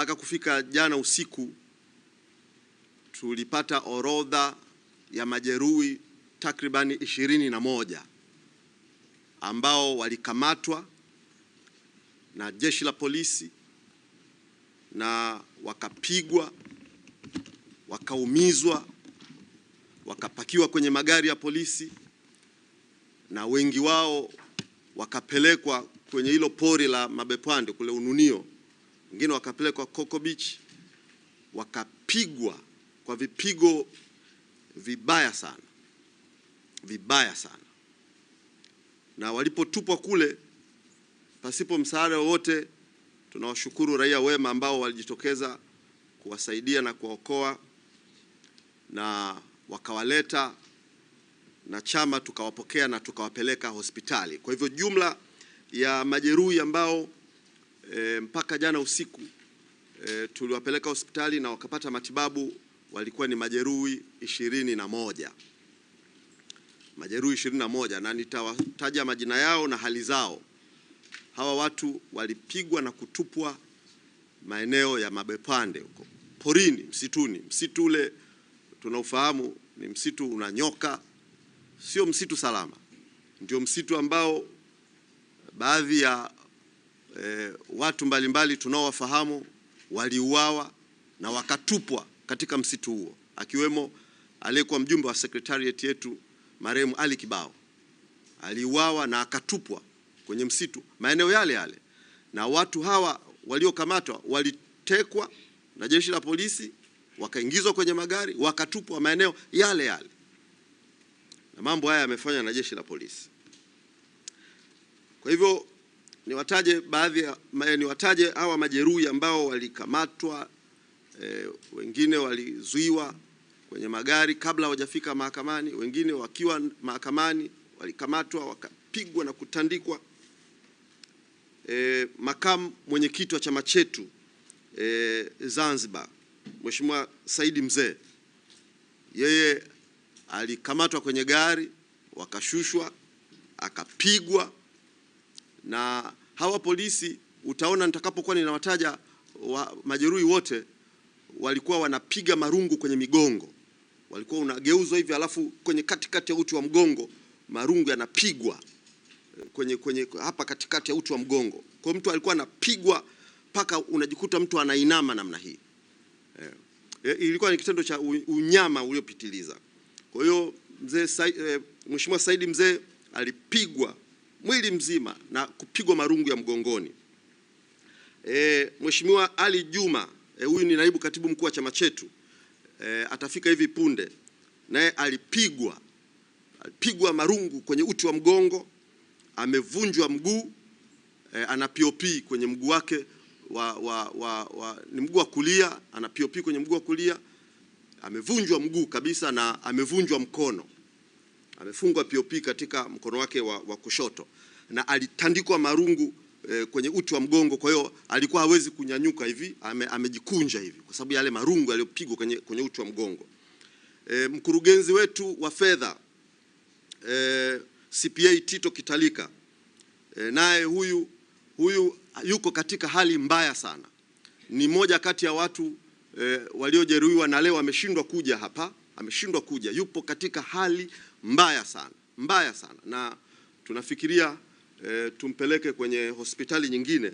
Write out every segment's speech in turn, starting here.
mpaka kufika jana usiku tulipata orodha ya majeruhi takribani ishirini na moja ambao walikamatwa na jeshi la polisi na wakapigwa, wakaumizwa, wakapakiwa kwenye magari ya polisi na wengi wao wakapelekwa kwenye hilo pori la Mabepwande kule Ununio wengine wakapelekwa Coco Beach wakapigwa kwa vipigo vibaya sana, vibaya sana, na walipotupwa kule pasipo msaada wowote. Tunawashukuru raia wema ambao walijitokeza kuwasaidia na kuwaokoa na wakawaleta na chama tukawapokea na tukawapeleka hospitali. Kwa hivyo jumla ya majeruhi ambao e, mpaka jana usiku e, tuliwapeleka hospitali na wakapata matibabu, walikuwa ni majeruhi ishirini na moja majeruhi ishirini na moja na nitawataja majina yao na hali zao. Hawa watu walipigwa na kutupwa maeneo ya Mabepande huko porini, msituni. Msitu ule tunaufahamu, ni msitu una nyoka, sio msitu salama. Ndio msitu ambao baadhi ya eh, watu mbalimbali tunaowafahamu waliuawa na wakatupwa katika msitu huo, akiwemo aliyekuwa mjumbe wa sekretariat yetu marehemu Ali Kibao aliuawa na akatupwa kwenye msitu maeneo yale yale, na watu hawa waliokamatwa walitekwa na jeshi la polisi wakaingizwa kwenye magari wakatupwa maeneo yale yale, na mambo haya yamefanywa na jeshi la polisi. Kwa hivyo niwataje baadhi ya eh, niwataje hawa majeruhi ambao walikamatwa e, wengine walizuiwa kwenye magari kabla hawajafika mahakamani, wengine wakiwa mahakamani walikamatwa wakapigwa na kutandikwa. E, makamu mwenyekiti wa chama chetu e, Zanzibar Mheshimiwa Saidi Mzee, yeye alikamatwa kwenye gari, wakashushwa, akapigwa na hawa polisi utaona nitakapokuwa ninawataja wa, majeruhi wote walikuwa wanapiga marungu kwenye migongo, walikuwa unageuzwa hivi, alafu kwenye katikati ya uti wa mgongo marungu yanapigwa eh, kwenye, kwenye hapa katikati ya uti wa mgongo. Kwa mtu alikuwa anapigwa mpaka unajikuta mtu anainama namna hii e, ilikuwa ni kitendo cha unyama uliopitiliza. Kwa hiyo mzee e, Mheshimiwa Saidi mzee alipigwa mwili mzima na kupigwa marungu ya mgongoni. E, Mheshimiwa Ali Juma e, huyu e, ni naibu katibu mkuu wa chama chetu e, atafika hivi punde, naye alipigwa alipigwa marungu kwenye uti wa mgongo, amevunjwa mguu e, ana POP kwenye mguu wake wa, wa, wa, wa, ni mguu wa kulia, ana POP kwenye mguu wa kulia, amevunjwa mguu kabisa na amevunjwa mkono amefungwa POP katika mkono wake wa, wa kushoto na alitandikwa marungu e, kwenye uti wa mgongo. Kwa hiyo alikuwa hawezi kunyanyuka hivi, ame, amejikunja hivi kwa sababu yale marungu aliyopigwa kwenye, kwenye uti wa mgongo. E, mkurugenzi wetu wa fedha e, CPA Tito Kitalika e, naye huyu huyu yuko katika hali mbaya sana, ni moja kati ya watu e, waliojeruhiwa na leo ameshindwa kuja hapa, ameshindwa kuja, yupo katika hali mbaya sana, mbaya sana, na tunafikiria e, tumpeleke kwenye hospitali nyingine.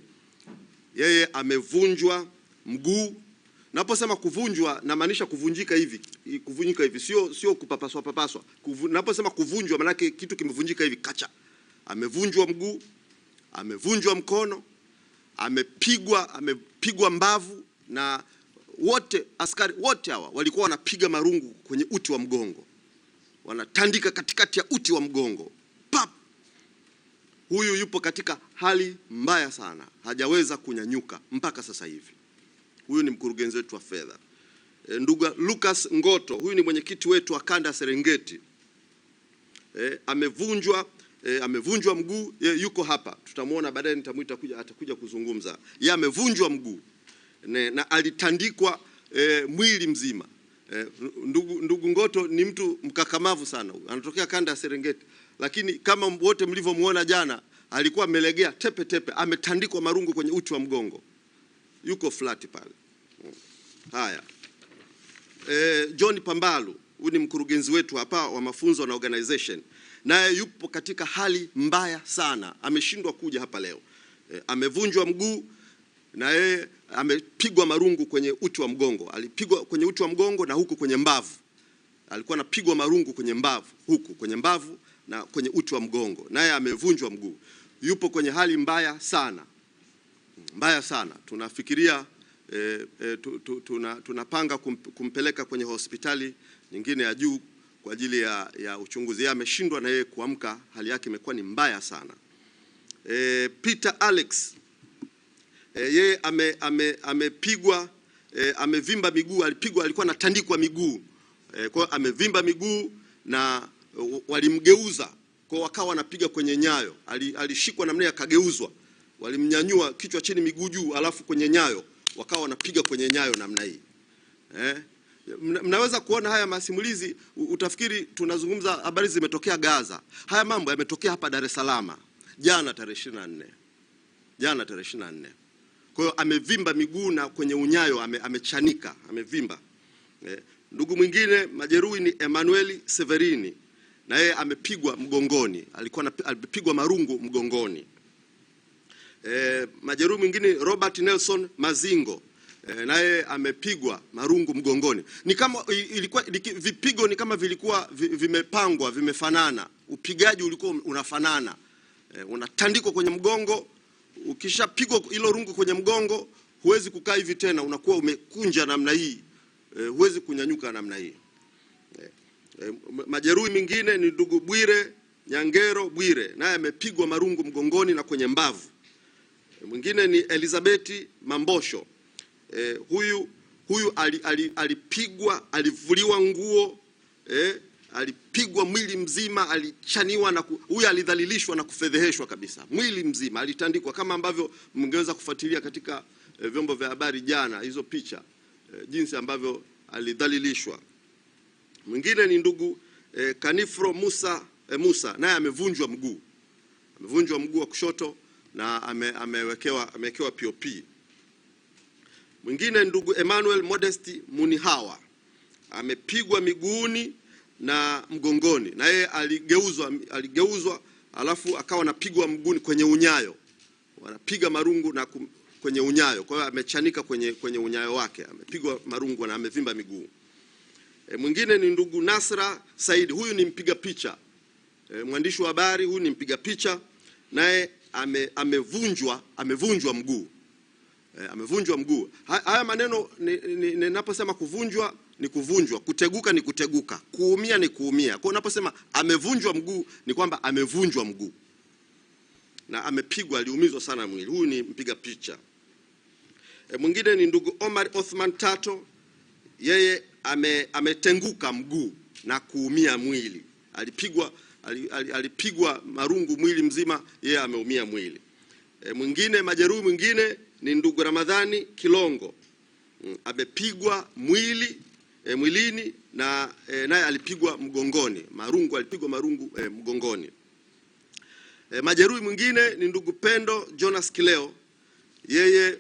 Yeye amevunjwa mguu. Naposema kuvunjwa namaanisha kuvunjika hivi, kuvunjika hivi, sio sio kupapaswa papaswa. Kuvu, naposema kuvunjwa maanake kitu kimevunjika hivi kacha. Amevunjwa mguu, amevunjwa mkono, amepigwa, amepigwa mbavu na wote askari wote hawa walikuwa wanapiga marungu kwenye uti wa mgongo wanatandika katikati ya uti wa mgongo pap. Huyu yupo katika hali mbaya sana, hajaweza kunyanyuka mpaka sasa hivi. Huyu ni mkurugenzi wetu wa fedha e, ndugu Lucas Ngoto, huyu ni mwenyekiti wetu wa kanda Serengeti e, amevunjwa E, amevunjwa mguu e, yuko hapa, tutamwona baadaye, nitamwita kuja, atakuja kuzungumza. Yeye amevunjwa mguu ne, na alitandikwa e, mwili mzima. Eh, ndugu, ndugu Ngoto ni mtu mkakamavu sana, anatokea kanda ya Serengeti, lakini kama wote mlivyomwona jana alikuwa amelegea tepe tepe, ametandikwa marungu kwenye uti wa mgongo, yuko flat pale. Haya, eh, John Pambalu huyu ni mkurugenzi wetu hapa wa mafunzo na organization, naye yupo katika hali mbaya sana, ameshindwa kuja hapa leo eh, amevunjwa mguu na yeye amepigwa marungu kwenye uti wa mgongo, alipigwa kwenye uti wa mgongo na huku kwenye mbavu, alikuwa anapigwa marungu kwenye mbavu, huku kwenye mbavu na kwenye uti wa mgongo, naye amevunjwa mguu, yupo kwenye hali mbaya sana, mbaya sana. Tunafikiria e, e, tu, tu, tuna, tunapanga kumpeleka kwenye hospitali nyingine ya juu kwa ajili ya, ya uchunguzi. Yeye ameshindwa na yeye kuamka, hali yake imekuwa ni mbaya sana. E, Peter Alex Eh, yeye ame, ame, amepigwa e, amevimba miguu, alipigwa, alikuwa anatandikwa miguu e, kwa amevimba miguu na walimgeuza kwa wakawa wanapiga kwenye nyayo, alishikwa namna kageuzwa, walimnyanyua kichwa chini miguu juu, alafu kwenye nyayo wakawa wanapiga kwenye nyayo namna hii eh? Mnaweza kuona haya masimulizi, utafikiri tunazungumza habari zimetokea Gaza. Haya mambo yametokea hapa Dar es Salaam jana tarehe 24, jana tarehe 24. Kwa hiyo amevimba miguu na kwenye unyayo ame, amechanika amevimba. Eh, ndugu mwingine majeruhi ni Emmanuel Severini na yeye amepigwa mgongoni, alikuwa alipigwa marungu mgongoni. Eh, majeruhi mwingine Robert Nelson Mazingo eh, naye amepigwa marungu mgongoni. Ni kama ilikuwa vipigo ni kama vilikuwa vimepangwa vimefanana, upigaji ulikuwa unafanana eh, unatandikwa kwenye mgongo Ukishapigwa hilo rungu kwenye mgongo, huwezi kukaa hivi tena, unakuwa umekunja namna hii e, huwezi kunyanyuka namna hii e, e majeruhi mingine ni ndugu Bwire Nyangero Bwire, naye amepigwa marungu mgongoni na kwenye mbavu. E, mwingine ni Elizabeti Mambosho e, huyu huyu alipigwa ali, alivuliwa nguo eh, alipigwa mwili mzima, alichaniwa na huyu alidhalilishwa na kufedheheshwa kabisa, mwili mzima alitandikwa, kama ambavyo mngeweza kufuatilia katika e, vyombo vya habari jana, hizo picha e, jinsi ambavyo alidhalilishwa. Mwingine ni ndugu e, Kanifro Musa e, Musa naye amevunjwa mguu, amevunjwa mguu wa kushoto na ame, amewekewa amewekewa POP. Mwingine ndugu Emmanuel Modesti Munihawa amepigwa miguuni na mgongoni, na yeye aligeuzwa, aligeuzwa alafu akawa anapigwa mguni kwenye unyayo, wanapiga marungu na kum, kwenye unyayo. Kwa hiyo amechanika kwenye, kwenye unyayo wake amepigwa marungu na amevimba miguu. E, mwingine ni ndugu Nasra Saidi, huyu ni mpiga picha e, mwandishi wa habari huyu ni mpiga picha naye ame, amevunjwa amevunjwa mguu e, amevunjwa mguu. Haya maneno ninaposema ni, ni, kuvunjwa ni kuvunjwa, kuteguka ni kuteguka, kuumia ni kuumia. Kwa unaposema amevunjwa mguu, ni kwamba amevunjwa mguu na amepigwa, aliumizwa sana mwili. Huyu ni mpiga picha. E, mwingine ni ndugu Omar Othman Tato, yeye ame, ametenguka mguu na kuumia mwili, alipigwa alipigwa marungu mwili mzima, yeye ameumia mwili. E, mwingine majeruhi mwingine ni ndugu Ramadhani Kilongo, mm, amepigwa mwili e, mwilini na e, naye alipigwa mgongoni, marungu alipigwa marungu e, mgongoni. E, majeruhi mwingine ni ndugu Pendo Jonas Kileo, yeye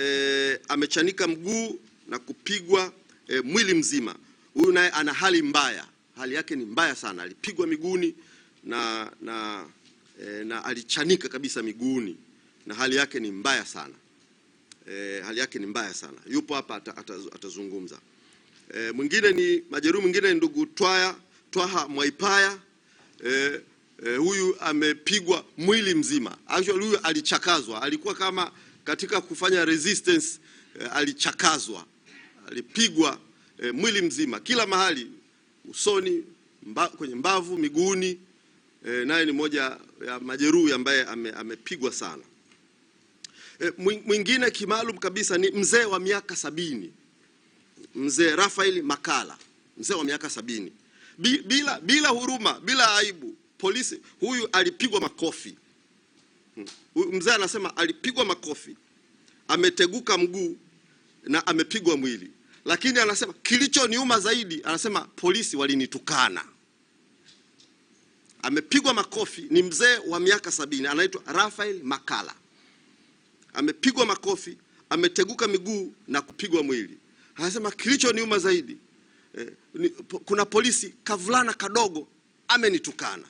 e, amechanika mguu na kupigwa e, mwili mzima. Huyu naye ana hali mbaya, hali yake ni mbaya sana, alipigwa miguuni na, na, e, na alichanika kabisa miguuni na hali yake ni mbaya sana. E, hali yake ni mbaya sana. Yupo hapa atazungumza. E, mwingine ni majeruhi mwingine ni ndugu Twaya Twaha Mwaipaya e, e, huyu amepigwa mwili mzima. Actually huyu alichakazwa, alikuwa kama katika kufanya resistance e, alichakazwa, alipigwa e, mwili mzima kila mahali, usoni mba, kwenye mbavu, miguuni e, naye ni moja ya majeruhi ambaye ame, amepigwa sana. E, mwingine kimaalum kabisa ni mzee wa miaka sabini mzee Rafael Makala, mzee wa miaka sabini, bila, bila huruma, bila aibu. Polisi huyu alipigwa makofi. Mzee anasema alipigwa makofi, ameteguka mguu na amepigwa mwili, lakini anasema kilichoniuma zaidi, anasema polisi walinitukana. Amepigwa makofi, ni mzee wa miaka sabini, anaitwa Rafael Makala, amepigwa makofi, ameteguka miguu na kupigwa mwili. Anasema kilichoniuma zaidi eh, ni, kuna polisi kavulana kadogo amenitukana.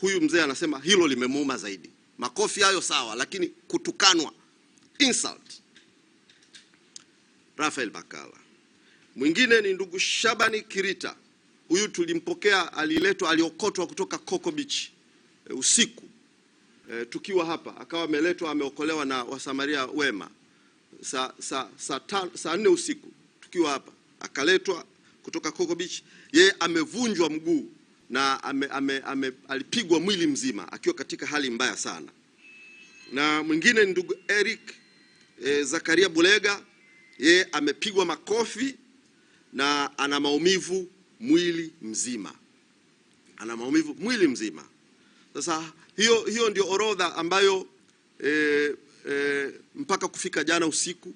Huyu mzee anasema hilo limemuuma zaidi. Makofi hayo sawa, lakini kutukanwa, insult. Rafael Bakala. Mwingine ni ndugu Shabani Kirita. Huyu tulimpokea, aliletwa, aliokotwa kutoka Coco Beach eh, usiku eh, tukiwa hapa, akawa ameletwa, ameokolewa na wasamaria wema saa sa, sa, sa nne usiku tukiwa hapa, akaletwa kutoka Coco Beach. Yeye amevunjwa mguu na ame, ame, ame, alipigwa mwili mzima akiwa katika hali mbaya sana. Na mwingine ndugu Eric e, Zakaria Bulega, yeye amepigwa makofi na ana maumivu mwili mzima, ana maumivu mwili mzima. Sasa hiyo, hiyo ndio orodha ambayo e, e, mpaka kufika jana usiku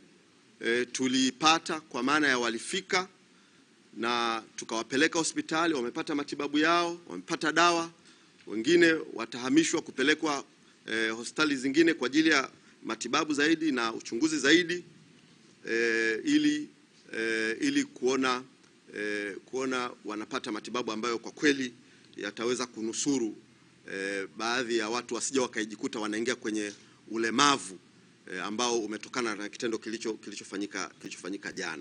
e, tulipata kwa maana ya walifika na tukawapeleka hospitali, wamepata matibabu yao, wamepata dawa. Wengine watahamishwa kupelekwa e, hospitali zingine kwa ajili ya matibabu zaidi na uchunguzi zaidi e, ili e, ili kuona e, kuona wanapata matibabu ambayo kwa kweli yataweza kunusuru e, baadhi ya watu wasije wakaijikuta wanaingia kwenye ulemavu e, ambao umetokana na kitendo kilichofanyika kilichofanyika jana.